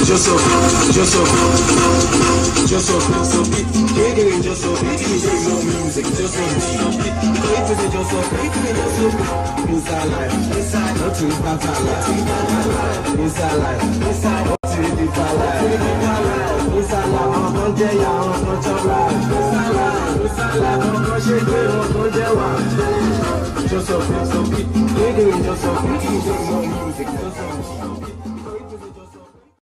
Yo so, yo so, yo so, so big, bigger than yo so, bigger than no music, yo so, greater than yo so, greater than yo so. our life, inside, not to stop our life, It's our life, inside, not to live our life, It's our life, It's our I'm not our I'm not your life, It's our life, It's our life, I'm not your girl, I'm not your wife. Just so, so big, bigger than yo so, bigger than no music, yo so.